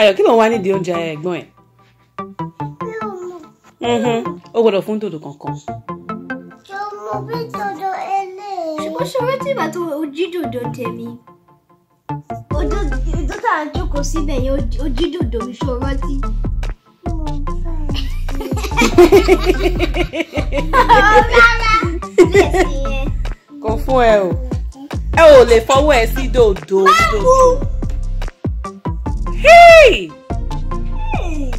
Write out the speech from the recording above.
ayọ̀ kí ló ń wá nídìí oúnjẹ ẹ̀gbọ́n ẹ̀. Mm-hmm. ó gbọ́dọ̀ fún dòdò kankan. ṣé mo bí dòdò eléyìí. ṣùgbọ́n ṣe rántí ìgbà tó o jí dòdò tèmi. ojú dókítà jókòó síbẹ̀ yẹn o jí dòdò mi ṣó rántí. kò fún ẹ o ẹ ò lè fọwọ́ ẹ sí dòdò. máa Hey! Hey!